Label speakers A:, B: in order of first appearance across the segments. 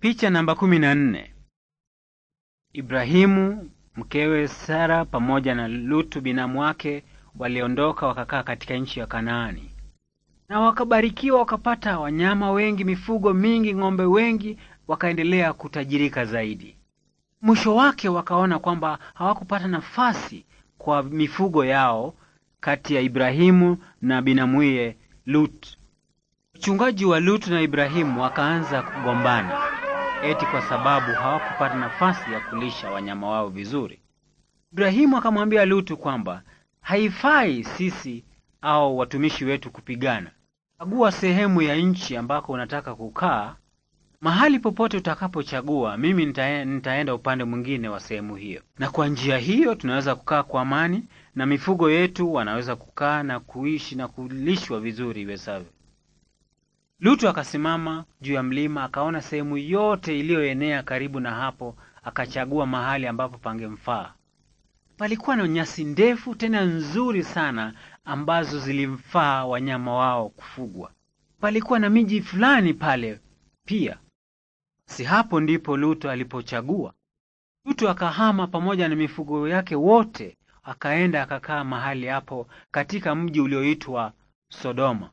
A: Picha namba kumi na nne. Ibrahimu mkewe Sara pamoja na Lutu binamu wake waliondoka wakakaa katika nchi ya Kanaani, na wakabarikiwa, wakapata wanyama wengi, mifugo mingi, ng'ombe wengi, wakaendelea kutajirika zaidi. Mwisho wake wakaona kwamba hawakupata nafasi kwa mifugo yao kati ya Ibrahimu na binamuye Lut. Mchungaji wa Lutu na Ibrahimu wakaanza kugombana eti kwa sababu hawakupata nafasi ya kulisha wanyama wao vizuri. Ibrahimu akamwambia Lutu kwamba haifai sisi au watumishi wetu kupigana. Chagua sehemu ya nchi ambako unataka kukaa. Mahali popote utakapochagua, mimi nitaenda upande mwingine wa sehemu hiyo, na kwa njia hiyo tunaweza kukaa kwa amani, na mifugo yetu wanaweza kukaa na kuishi na kulishwa vizuri iwezavyo. Lutu akasimama juu ya mlima akaona sehemu yote iliyoenea karibu na hapo, akachagua mahali ambapo pangemfaa. Palikuwa na nyasi ndefu tena nzuri sana ambazo zilimfaa wanyama wao kufugwa. Palikuwa na miji fulani pale pia. Si hapo ndipo Lutu alipochagua. Lutu akahama pamoja na mifugo yake wote, akaenda akakaa mahali hapo katika mji ulioitwa Sodoma.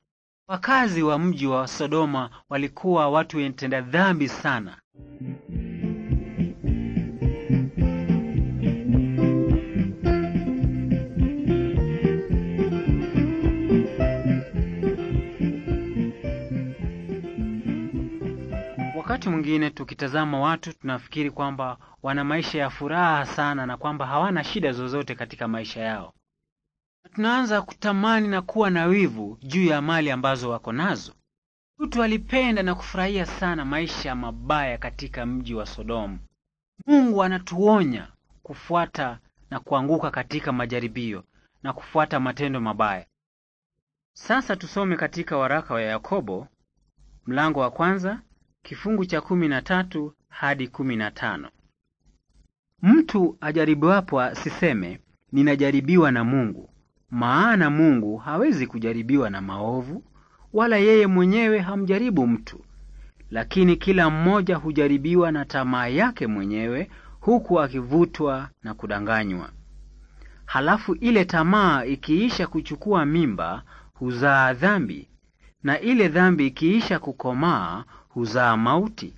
A: Wakazi wa mji wa Sodoma walikuwa watu tenda dhambi sana. Wakati mwingine tukitazama watu tunafikiri kwamba wana maisha ya furaha sana na kwamba hawana shida zozote katika maisha yao tunaanza kutamani na kuwa na wivu juu ya mali ambazo wako nazo. Lutu alipenda na kufurahia sana maisha mabaya katika mji wa Sodomu. Mungu anatuonya kufuata na kuanguka katika majaribio na kufuata matendo mabaya. Sasa tusome katika waraka wa Yakobo mlango wa kwanza kifungu cha kumi na tatu hadi kumi na tano. Mtu ajaribiwapo asiseme ninajaribiwa na Mungu, maana Mungu hawezi kujaribiwa na maovu, wala yeye mwenyewe hamjaribu mtu. Lakini kila mmoja hujaribiwa na tamaa yake mwenyewe, huku akivutwa na kudanganywa. Halafu ile tamaa ikiisha kuchukua mimba, huzaa dhambi, na ile dhambi ikiisha kukomaa, huzaa mauti.